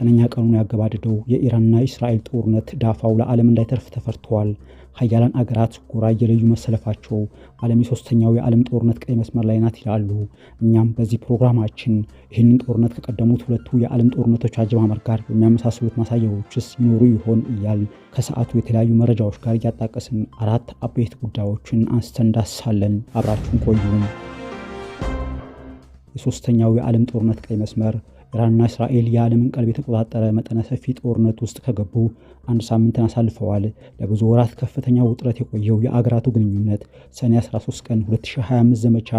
ዘጠነኛ ቀኑን ያገባደደው የኢራንና እስራኤል ጦርነት ዳፋው ለዓለም እንዳይተርፍ ተፈርተዋል። ሀያላን አገራት ጎራ እየለዩ መሰለፋቸው ዓለም የሶስተኛው የዓለም ጦርነት ቀይ መስመር ላይ ናት ይላሉ። እኛም በዚህ ፕሮግራማችን ይህንን ጦርነት ከቀደሙት ሁለቱ የዓለም ጦርነቶች አጀማመር ጋር የሚያመሳስሉት ማሳያዎችስ ይኖሩ ይሆን እያል ከሰዓቱ የተለያዩ መረጃዎች ጋር እያጣቀስን አራት አበይት ጉዳዮችን አንስተን ዳስሳለን። አብራችሁን ቆዩም። የሶስተኛው የዓለም ጦርነት ቀይ መስመር ኢራንና እስራኤል የዓለምን ቀልብ የተቆጣጠረ መጠነ ሰፊ ጦርነት ውስጥ ከገቡ አንድ ሳምንትን አሳልፈዋል። ለብዙ ወራት ከፍተኛ ውጥረት የቆየው የአገራቱ ግንኙነት ሰኔ 13 ቀን 2025 ዘመቻ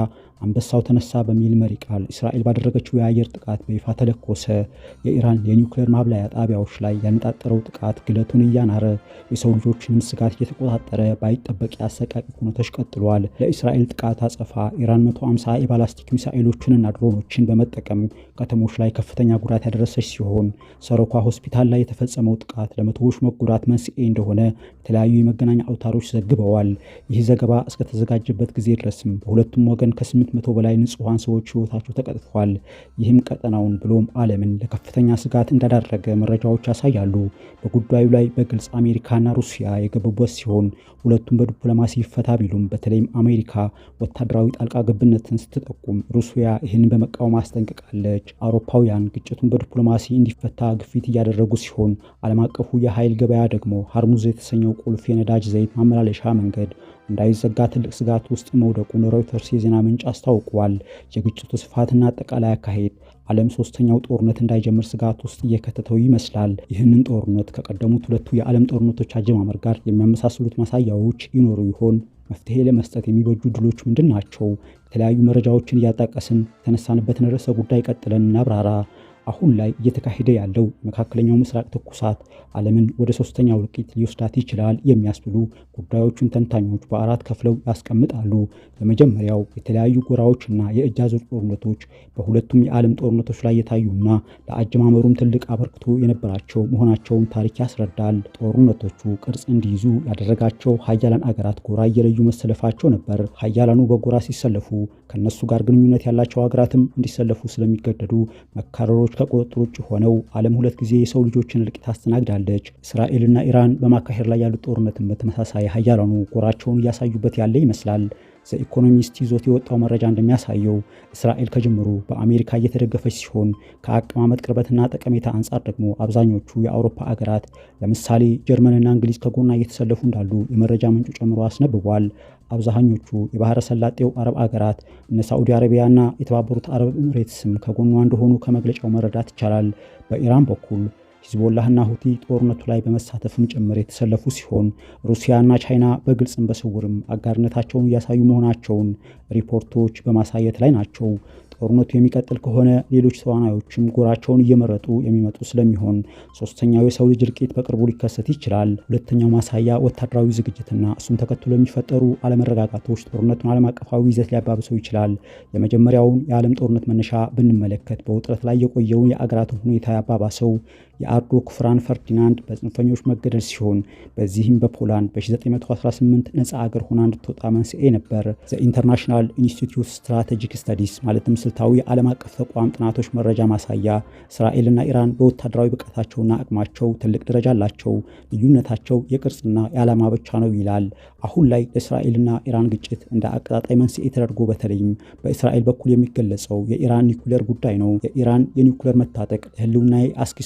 አንበሳው ተነሳ በሚል መሪ ቃል እስራኤል ባደረገችው የአየር ጥቃት በይፋ ተለኮሰ። የኢራን የኒውክሌር ማብላያ ጣቢያዎች ላይ ያነጣጠረው ጥቃት ግለቱን እያናረ የሰው ልጆችንም ስጋት እየተቆጣጠረ ባይጠበቅ አሰቃቂ ሁነቶች ቀጥሏል። ለእስራኤል ጥቃት አጸፋ ኢራን 150 የባላስቲክ ሚሳኤሎችንና ድሮኖችን በመጠቀም ከተሞች ላይ ከፍተኛ ጉዳት ያደረሰች ሲሆን ሰሮኳ ሆስፒታል ላይ የተፈጸመው ጥቃት ለመቶዎች መጎዳት መንስኤ እንደሆነ የተለያዩ የመገናኛ አውታሮች ዘግበዋል። ይህ ዘገባ እስከተዘጋጀበት ጊዜ ድረስም በሁለቱም ወገን ከስምንት መቶ በላይ ንጹሐን ሰዎች ህይወታቸው ተቀጥፏል። ይህም ቀጠናውን ብሎም ዓለምን ለከፍተኛ ስጋት እንዳዳረገ መረጃዎች ያሳያሉ። በጉዳዩ ላይ በግልጽ አሜሪካና ሩሲያ የገቡበት ሲሆን ሁለቱም በዲፕሎማሲ ይፈታ ቢሉም በተለይም አሜሪካ ወታደራዊ ጣልቃ ገብነትን ስትጠቁም ሩሲያ ይህንን በመቃወም አስጠንቅቃለች። አውሮፓዊ ምዕራባውያን ግጭቱን በዲፕሎማሲ እንዲፈታ ግፊት እያደረጉ ሲሆን ዓለም አቀፉ የኃይል ገበያ ደግሞ ሀርሙዝ የተሰኘው ቁልፍ የነዳጅ ዘይት ማመላለሻ መንገድ እንዳይዘጋ ትልቅ ስጋት ውስጥ መውደቁን ሮይተርስ የዜና ምንጭ አስታውቋል። የግጭቱ ስፋትና አጠቃላይ አካሄድ ዓለም ሶስተኛው ጦርነት እንዳይጀምር ስጋት ውስጥ እየከተተው ይመስላል። ይህንን ጦርነት ከቀደሙት ሁለቱ የዓለም ጦርነቶች አጀማመር ጋር የሚያመሳስሉት ማሳያዎች ይኖሩ ይሆን? መፍትሄ ለመስጠት የሚበጁ ድሎች ምንድን ናቸው? የተለያዩ መረጃዎችን እያጣቀስን የተነሳንበትን ርዕሰ ጉዳይ ቀጥለን እናብራራ። አሁን ላይ እየተካሄደ ያለው የመካከለኛው ምስራቅ ትኩሳት ዓለምን ወደ ሶስተኛው እልቂት ሊወስዳት ይችላል የሚያስብሉ ጉዳዮቹን ተንታኞች በአራት ከፍለው ያስቀምጣሉ። የመጀመሪያው የተለያዩ ጎራዎችና የእጅ አዙር ጦርነቶች በሁለቱም የዓለም ጦርነቶች ላይ የታዩና ለአጀማመሩም ትልቅ አበርክቶ የነበራቸው መሆናቸውን ታሪክ ያስረዳል። ጦርነቶቹ ቅርጽ እንዲይዙ ያደረጋቸው ሀያላን አገራት ጎራ እየለዩ መሰለፋቸው ነበር። ሀያላኑ በጎራ ሲሰለፉ ከነሱ ጋር ግንኙነት ያላቸው ሀገራትም እንዲሰለፉ ስለሚገደዱ መካረሮች ከቁጥጥር ውጭ ሆነው ዓለም ሁለት ጊዜ የሰው ልጆችን እልቂት አስተናግዳለች። እስራኤልና ኢራን በማካሄድ ላይ ያሉት ጦርነትን በተመሳሳይ ሀያላኑ ጎራቸውን እያሳዩበት ያለ ይመስላል። ዘኢኮኖሚስት ይዞት የወጣው መረጃ እንደሚያሳየው እስራኤል ከጅምሩ በአሜሪካ እየተደገፈች ሲሆን ከአቀማመጥ ቅርበትና ጠቀሜታ አንጻር ደግሞ አብዛኞቹ የአውሮፓ አገራት ለምሳሌ ጀርመንና እንግሊዝ ከጎና እየተሰለፉ እንዳሉ የመረጃ ምንጩ ጨምሮ አስነብቧል። አብዛኞቹ የባህረ ሰላጤው አረብ አገራት እነ ሳዑዲ አረቢያና የተባበሩት አረብ ኤምሬትስም ከጎኗ እንደሆኑ ከመግለጫው መረዳት ይቻላል። በኢራን በኩል ሂዝቦላህና ሁቲ ጦርነቱ ላይ በመሳተፍም ጭምር የተሰለፉ ሲሆን ሩሲያና ቻይና በግልጽም በስውርም አጋርነታቸውን እያሳዩ መሆናቸውን ሪፖርቶች በማሳየት ላይ ናቸው። ጦርነቱ የሚቀጥል ከሆነ ሌሎች ተዋናዮችም ጎራቸውን እየመረጡ የሚመጡ ስለሚሆን ሶስተኛው የሰው ልጅ እልቂት በቅርቡ ሊከሰት ይችላል። ሁለተኛው ማሳያ ወታደራዊ ዝግጅትና እሱን ተከትሎ የሚፈጠሩ አለመረጋጋቶች ጦርነቱን ዓለም አቀፋዊ ይዘት ሊያባብሰው ይችላል። የመጀመሪያውን የዓለም ጦርነት መነሻ ብንመለከት በውጥረት ላይ የቆየውን የአገራትን ሁኔታ ያባባሰው የአርዶ ክፍራን ፈርዲናንድ በጽንፈኞች መገደል ሲሆን በዚህም በፖላንድ በ1918 ነፃ አገር ሆና እንድትወጣ መንስኤ ነበር። ዘኢንተርናሽናል ኢንስቲትዩት ስትራቴጂክ ስተዲስ ማለትም ስልታዊ የዓለም አቀፍ ተቋም ጥናቶች መረጃ ማሳያ እስራኤልና ኢራን በወታደራዊ ብቃታቸውና አቅማቸው ትልቅ ደረጃ አላቸው፣ ልዩነታቸው የቅርጽና የዓላማ ብቻ ነው ይላል። አሁን ላይ ለእስራኤልና ኢራን ግጭት እንደ አቀጣጣይ መንስኤ ተደርጎ በተለይም በእስራኤል በኩል የሚገለጸው የኢራን ኒኩሌር ጉዳይ ነው። የኢራን የኒኩሌር መታጠቅ ለህልውናዬ አስጊ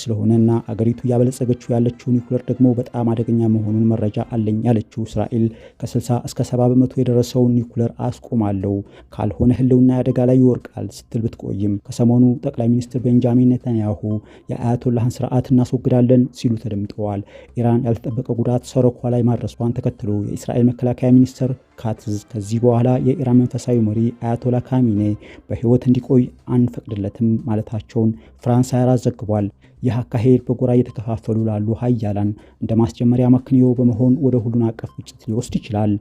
እና አገሪቱ እያበለጸገችው ያለችው ኒኩሌር ደግሞ በጣም አደገኛ መሆኑን መረጃ አለኝ ያለችው እስራኤል ከ60 እስከ 70 በመቶ የደረሰውን ኒኩሌር አስቆማለሁ፣ ካልሆነ ህልውና አደጋ ላይ ይወርቃል ስትል ብትቆይም ከሰሞኑ ጠቅላይ ሚኒስትር ቤንጃሚን ኔታንያሁ የአያቶላህን ስርዓት እናስወግዳለን ሲሉ ተደምጠዋል። ኢራን ያልተጠበቀ ጉዳት ሰረኳ ላይ ማድረሷን ተከትሎ የእስራኤል መከላከያ ሚኒስትር ካትዝ ከዚህ በኋላ የኢራን መንፈሳዊ መሪ አያቶላ ካሚኔ በህይወት እንዲቆይ አንፈቅድለትም ማለታቸውን ፍራንስ 24 ዘግቧል። ይህ አካሄድ በጎራ እየተከፋፈሉ ላሉ ሀያላን እንደ ማስጀመሪያ መክንዮ በመሆን ወደ ሁሉን አቀፍ ግጭት ሊወስድ ይችላል።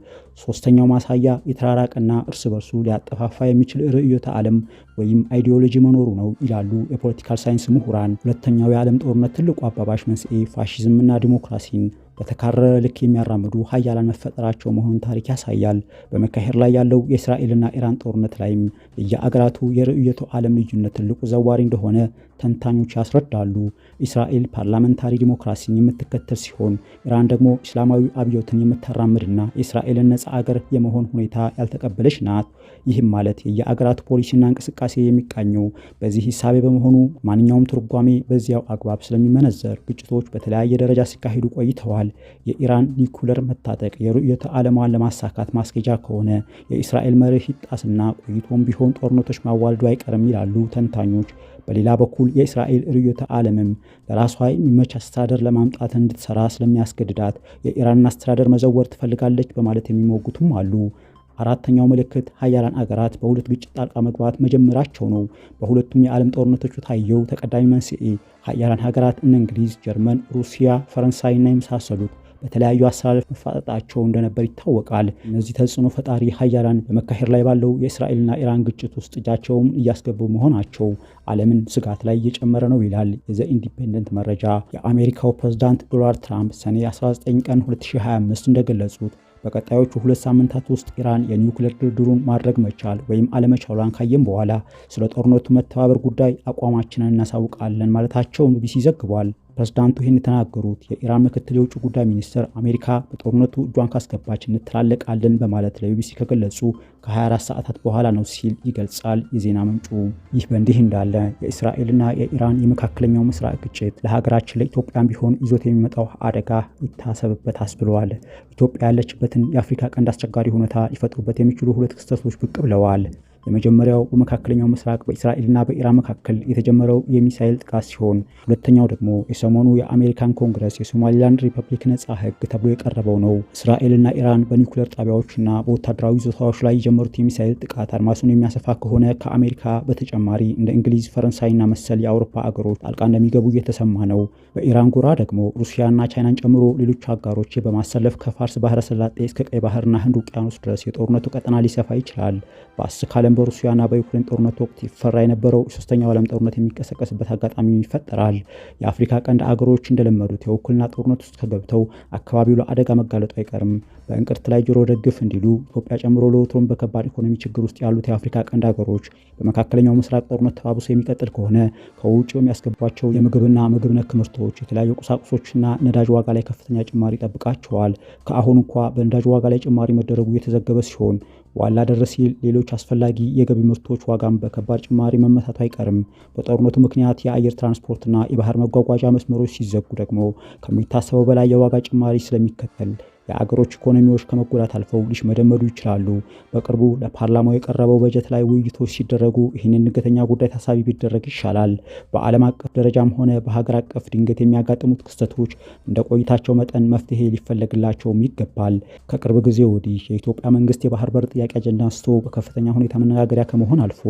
ሶስተኛው ማሳያ የተራራቀና እርስ በርሱ ሊያጠፋፋ የሚችል ርዕዮተ ዓለም ወይም አይዲዮሎጂ መኖሩ ነው ይላሉ የፖለቲካል ሳይንስ ምሁራን። ሁለተኛው የዓለም ጦርነት ትልቁ አባባሽ መንስኤ ፋሽዝምና ዲሞክራሲን በተካረረ ልክ የሚያራምዱ ሀያላን መፈጠራቸው መሆኑን ታሪክ ያሳያል። ይታያል። በመካሄድ ላይ ያለው የእስራኤልና ኢራን ጦርነት ላይም የየአገራቱ የርዕዮተ ዓለም ልዩነት ትልቁ ዘዋሪ እንደሆነ ተንታኞች ያስረዳሉ። እስራኤል ፓርላመንታሪ ዲሞክራሲን የምትከተል ሲሆን ኢራን ደግሞ እስላማዊ አብዮትን የምታራምድና የእስራኤልን ነፃ አገር የመሆን ሁኔታ ያልተቀበለች ናት። ይህም ማለት የየአገራቱ ፖሊሲና እንቅስቃሴ የሚቃኘው በዚህ ሂሳቤ በመሆኑ ማንኛውም ትርጓሜ በዚያው አግባብ ስለሚመነዘር ግጭቶች በተለያየ ደረጃ ሲካሄዱ ቆይተዋል። የኢራን ኒኩለር መታጠቅ የርዕዮተ ዓለሟን ለማሳካት ማስኬጃ ከሆነ የእስራኤል መርህ ይጣስና ቆይቶም ቢሆን ጦርነቶች ማዋልዱ አይቀርም ይላሉ ተንታኞች። በሌላ በኩል የእስራኤል ርዕዮተ ዓለምም ለራሷ የሚመች አስተዳደር ለማምጣት እንድትሰራ ስለሚያስገድዳት የኢራንን አስተዳደር መዘወር ትፈልጋለች በማለት የሚሞግቱም አሉ። አራተኛው ምልክት ሀያላን አገራት በሁለት ግጭት ጣልቃ መግባት መጀመራቸው ነው። በሁለቱም የዓለም ጦርነቶች ታየው ተቀዳሚ መንስኤ ሀያላን ሀገራት እነ እንግሊዝ፣ ጀርመን፣ ሩሲያ፣ ፈረንሳይና የመሳሰሉት በተለያዩ አሰላለፍ መፋጠጣቸው እንደነበር ይታወቃል። እነዚህ ተጽዕኖ ፈጣሪ ሀያላን በመካሄድ ላይ ባለው የእስራኤልና ኢራን ግጭት ውስጥ እጃቸውም እያስገቡ መሆናቸው ዓለምን ስጋት ላይ እየጨመረ ነው ይላል የዘ ኢንዲፔንደንት መረጃ። የአሜሪካው ፕሬዝዳንት ዶናልድ ትራምፕ ሰኔ 19 ቀን 2025 እንደገለጹት በቀጣዮቹ ሁለት ሳምንታት ውስጥ ኢራን የኒውክሌር ድርድሩን ማድረግ መቻል ወይም አለመቻሏን ካየም በኋላ ስለ ጦርነቱ መተባበር ጉዳይ አቋማችንን እናሳውቃለን ማለታቸውን ቢቢሲ ዘግቧል። ፕሬዝዳንቱ ይህን የተናገሩት የኢራን ምክትል የውጭ ጉዳይ ሚኒስትር አሜሪካ በጦርነቱ እጇን ካስገባች እንተላለቃለን በማለት ለቢቢሲ ከገለጹ ከ24 ሰዓታት በኋላ ነው ሲል ይገልጻል የዜና ምንጩ። ይህ በእንዲህ እንዳለ የእስራኤልና የኢራን የመካከለኛው ምስራቅ ግጭት ለሀገራችን ለኢትዮጵያም ቢሆን ይዞት የሚመጣው አደጋ ይታሰብበት አስብለዋል። ኢትዮጵያ ያለችበትን የአፍሪካ ቀንድ አስቸጋሪ ሁኔታ ሊፈጥሩበት የሚችሉ ሁለት ክስተቶች ብቅ ብለዋል። የመጀመሪያው በመካከለኛው ምስራቅ በእስራኤልና በኢራን መካከል የተጀመረው የሚሳይል ጥቃት ሲሆን ሁለተኛው ደግሞ የሰሞኑ የአሜሪካን ኮንግረስ የሶማሊላንድ ሪፐብሊክ ነጻ ህግ ተብሎ የቀረበው ነው። እስራኤልና ኢራን በኒውክለር ጣቢያዎችና በወታደራዊ ይዞታዎች ላይ የጀመሩት የሚሳይል ጥቃት አድማሱን የሚያሰፋ ከሆነ ከአሜሪካ በተጨማሪ እንደ እንግሊዝ፣ ፈረንሳይና መሰል የአውሮፓ አገሮች ጣልቃ እንደሚገቡ እየተሰማ ነው። በኢራን ጎራ ደግሞ ሩሲያና ቻይናን ጨምሮ ሌሎች አጋሮች በማሰለፍ ከፋርስ ባህረ ሰላጤ እስከ ቀይ ባህርና ህንድ ውቅያኖስ ድረስ የጦርነቱ ቀጠና ሊሰፋ ይችላል። በአስካለ በተለይም በሩሲያና በዩክሬን ጦርነት ወቅት ይፈራ የነበረው ሶስተኛው ዓለም ጦርነት የሚቀሰቀስበት አጋጣሚ ይፈጠራል። የአፍሪካ ቀንድ አገሮች እንደለመዱት የውክልና ጦርነት ውስጥ ከገብተው አካባቢው ለአደጋ መጋለጡ አይቀርም። በእንቅርት ላይ ጆሮ ደግፍ እንዲሉ ኢትዮጵያ ጨምሮ ለወትሮም በከባድ ኢኮኖሚ ችግር ውስጥ ያሉት የአፍሪካ ቀንድ አገሮች በመካከለኛው ምስራቅ ጦርነት ተባብሶ የሚቀጥል ከሆነ ከውጭ የሚያስገቧቸው የምግብና ምግብ ነክ ምርቶች፣ የተለያዩ ቁሳቁሶችና ነዳጅ ዋጋ ላይ ከፍተኛ ጭማሪ ይጠብቃቸዋል። ከአሁን እንኳ በነዳጅ ዋጋ ላይ ጭማሪ መደረጉ የተዘገበ ሲሆን ዋላ ደረስ ሲል ሌሎች አስፈላጊ የገቢ ምርቶች ዋጋም በከባድ ጭማሪ መመታቱ አይቀርም። በጦርነቱ ምክንያት የአየር ትራንስፖርትና የባህር መጓጓዣ መስመሮች ሲዘጉ ደግሞ ከሚታሰበው በላይ የዋጋ ጭማሪ ስለሚከተል የአገሮች ኢኮኖሚዎች ከመጎዳት አልፈው ሊሽመደመዱ ይችላሉ። በቅርቡ ለፓርላማው የቀረበው በጀት ላይ ውይይቶች ሲደረጉ ይህንን ድንገተኛ ጉዳይ ታሳቢ ቢደረግ ይሻላል። በዓለም አቀፍ ደረጃም ሆነ በሀገር አቀፍ ድንገት የሚያጋጥሙት ክስተቶች እንደ ቆይታቸው መጠን መፍትሄ ሊፈለግላቸውም ይገባል። ከቅርብ ጊዜ ወዲህ የኢትዮጵያ መንግስት የባህር በር ጥያቄ አጀንዳ አንስቶ በከፍተኛ ሁኔታ መነጋገሪያ ከመሆን አልፎ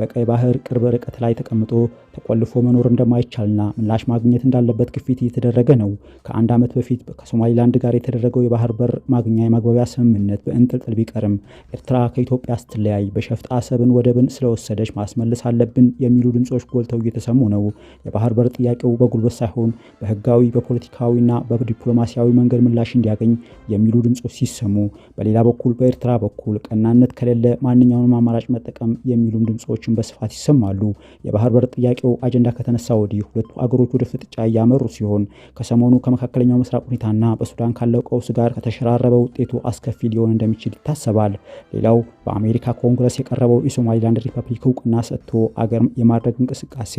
በቀይ ባህር ቅርብ ርቀት ላይ ተቀምጦ ተቆልፎ መኖር እንደማይቻልና ምላሽ ማግኘት እንዳለበት ግፊት እየተደረገ ነው። ከአንድ ዓመት በፊት ከሶማሊላንድ ጋር የተደረገው የባህር የባህር በር ማግኛ የማግባቢያ ስምምነት በእንጥልጥል ቢቀርም ኤርትራ ከኢትዮጵያ ስትለያይ በሸፍጣ አሰብን ወደብን ስለወሰደች ማስመለስ አለብን የሚሉ ድምፆች ጎልተው እየተሰሙ ነው። የባህር በር ጥያቄው በጉልበት ሳይሆን በህጋዊ በፖለቲካዊና በዲፕሎማሲያዊ መንገድ ምላሽ እንዲያገኝ የሚሉ ድምፆች ሲሰሙ፣ በሌላ በኩል በኤርትራ በኩል ቀናነት ከሌለ ማንኛውንም አማራጭ መጠቀም የሚሉም ድምፆችን በስፋት ይሰማሉ። የባህር በር ጥያቄው አጀንዳ ከተነሳ ወዲህ ሁለቱ አገሮች ወደ ፍጥጫ እያመሩ ሲሆን ከሰሞኑ ከመካከለኛው ምስራቅ ሁኔታና በሱዳን ካለው ቀውስ ጋር ጋር ከተሸራረበ ውጤቱ አስከፊ ሊሆን እንደሚችል ይታሰባል። ሌላው በአሜሪካ ኮንግረስ የቀረበው የሶማሊላንድ ሪፐብሊክ እውቅና ሰጥቶ አገር የማድረግ እንቅስቃሴ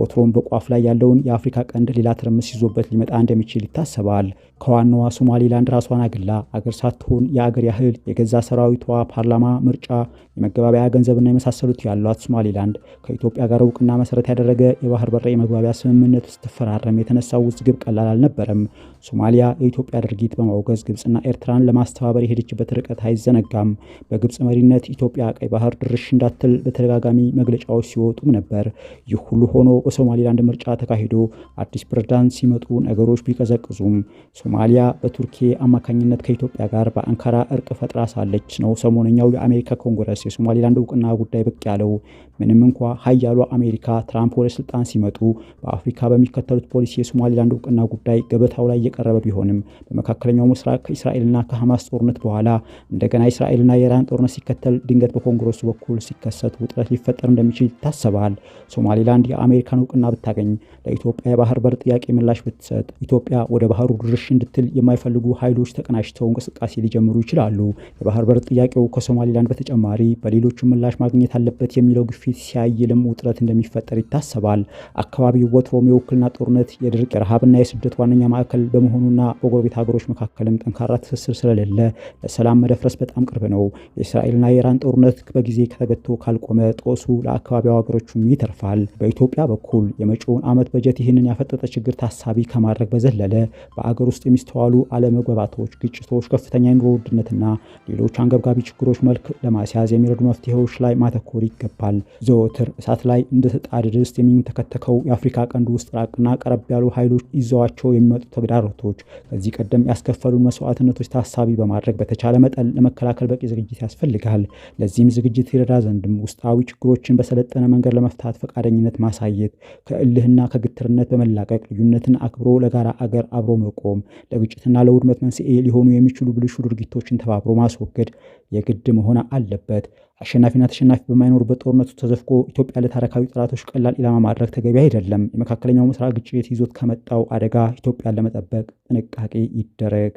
ወትሮም በቋፍ ላይ ያለውን የአፍሪካ ቀንድ ሌላ ትርምስ ይዞበት ሊመጣ እንደሚችል ይታሰባል። ከዋናዋ ሶማሊላንድ ራሷን አግላ አገር ሳትሆን የአገር ያህል የገዛ ሰራዊቷ፣ ፓርላማ፣ ምርጫ፣ የመገባበያ ገንዘብና የመሳሰሉት ያሏት ሶማሊላንድ ከኢትዮጵያ ጋር እውቅና መሰረት ያደረገ የባህር በር የመግባቢያ ስምምነት ስትፈራረም የተነሳው ውዝግብ ቀላል አልነበረም። ሶማሊያ የኢትዮጵያ ድርጊት በማውገዝ ግብፅና ኤርትራን ለማስተባበር የሄደችበት ርቀት አይዘነጋም። በግብፅ መሪነት ኢትዮጵያ ቀይ ባህር ድርሽ እንዳትል በተደጋጋሚ መግለጫዎች ሲወጡም ነበር። ይህ ሁሉ ሆኖ በሶማሊላንድ ምርጫ ተካሂዶ አዲስ ፕሬዝዳንት ሲመጡ ነገሮች ቢቀዘቅዙም ሶማሊያ በቱርኪ አማካኝነት ከኢትዮጵያ ጋር በአንካራ እርቅ ፈጥራ ሳለች ነው ሰሞነኛው የአሜሪካ ኮንግረስ የሶማሊላንድ እውቅና ጉዳይ ብቅ ያለው። ምንም እንኳ ሀያሉ አሜሪካ ትራምፕ ወደ ስልጣን ሲመጡ በአፍሪካ በሚከተሉት ፖሊሲ የሶማሊላንድ እውቅና ጉዳይ ገበታው ላይ እየቀረበ ቢሆንም በመካከለኛው ምስራቅ ከእስራኤልና ከሐማስ ጦርነት በኋላ እንደገና እስራኤልና የኢራን ጦርነት ሲከተል ድንገት በኮንግረሱ በኩል ሲከሰት ውጥረት ሊፈጠር እንደሚችል ይታሰባል። ሶማሊላንድ የአሜሪካን እውቅና ብታገኝ፣ ለኢትዮጵያ የባህር በር ጥያቄ ምላሽ ብትሰጥ፣ ኢትዮጵያ ወደ ባህሩ ድርሽ እንድትል የማይፈልጉ ኃይሎች ተቀናጅተው እንቅስቃሴ ሊጀምሩ ይችላሉ። የባህር በር ጥያቄው ከሶማሊላንድ በተጨማሪ በሌሎቹ ምላሽ ማግኘት አለበት የሚለው ግፊት ሲያይልም ውጥረት እንደሚፈጠር ይታሰባል። አካባቢው ወትሮም የውክልና ጦርነት፣ የድርቅ፣ የረሃብና የስደት ዋነኛ ማዕከል በመሆኑና በጎረቤት ሀገሮች መካከልም ጠንካራ ትስስር ስለሌለ ለሰላም መደፍረስ በጣም ቅርብ ነው። የእስራኤልና የኢራን ጦርነት በጊዜ ከተገቶ ካልቆመ ጦሱ ለአካባቢው ሀገሮችም ይተርፋል። በኢትዮጵያ በኩል የመጪውን ዓመት በጀት ይህንን ያፈጠጠ ችግር ታሳቢ ከማድረግ በዘለለ በአገር ውስጥ የሚስተዋሉ አለመግባባቶች፣ ግጭቶች፣ ከፍተኛ የኑሮ ውድነትና ሌሎች አንገብጋቢ ችግሮች መልክ ለማስያዝ የሚረዱ መፍትሄዎች ላይ ማተኮር ይገባል። ዘወትር እሳት ላይ እንደተጣደ ድስት የሚንተከተከው የአፍሪካ ቀንድ ውስጥ ራቅና ቀረብ ያሉ ኃይሎች ይዘዋቸው የሚመጡ ተግዳሮቶች ከዚህ ቀደም ያስከፈሉን መስዋዕትነቶች ታሳቢ በማድረግ በተቻለ መጠን ለመከላከል በቂ ዝግጅት ያስፈልጋል። ለዚህም ዝግጅት ይረዳ ዘንድም ውስጣዊ ችግሮችን በሰለጠነ መንገድ ለመፍታት ፈቃደኝነት ማሳየት፣ ከእልህና ከግትርነት በመላቀቅ ልዩነትን አክብሮ ለጋራ አገር አብሮ መቆም፣ ለግጭትና ለውድመት መንስኤ ሊሆኑ የሚችሉ ብልሹ ድርጊቶችን ተባብሮ ማስወገድ የግድ መሆን አለበት። አሸናፊና ተሸናፊ በማይኖርበት ጦርነቱ ተዘፍቆ ኢትዮጵያ ለታሪካዊ ጠላቶች ቀላል ኢላማ ማድረግ ተገቢ አይደለም። የመካከለኛው ምስራቅ ግጭት ይዞት ከመጣው አደጋ ኢትዮጵያን ለመጠበቅ ጥንቃቄ ይደረግ።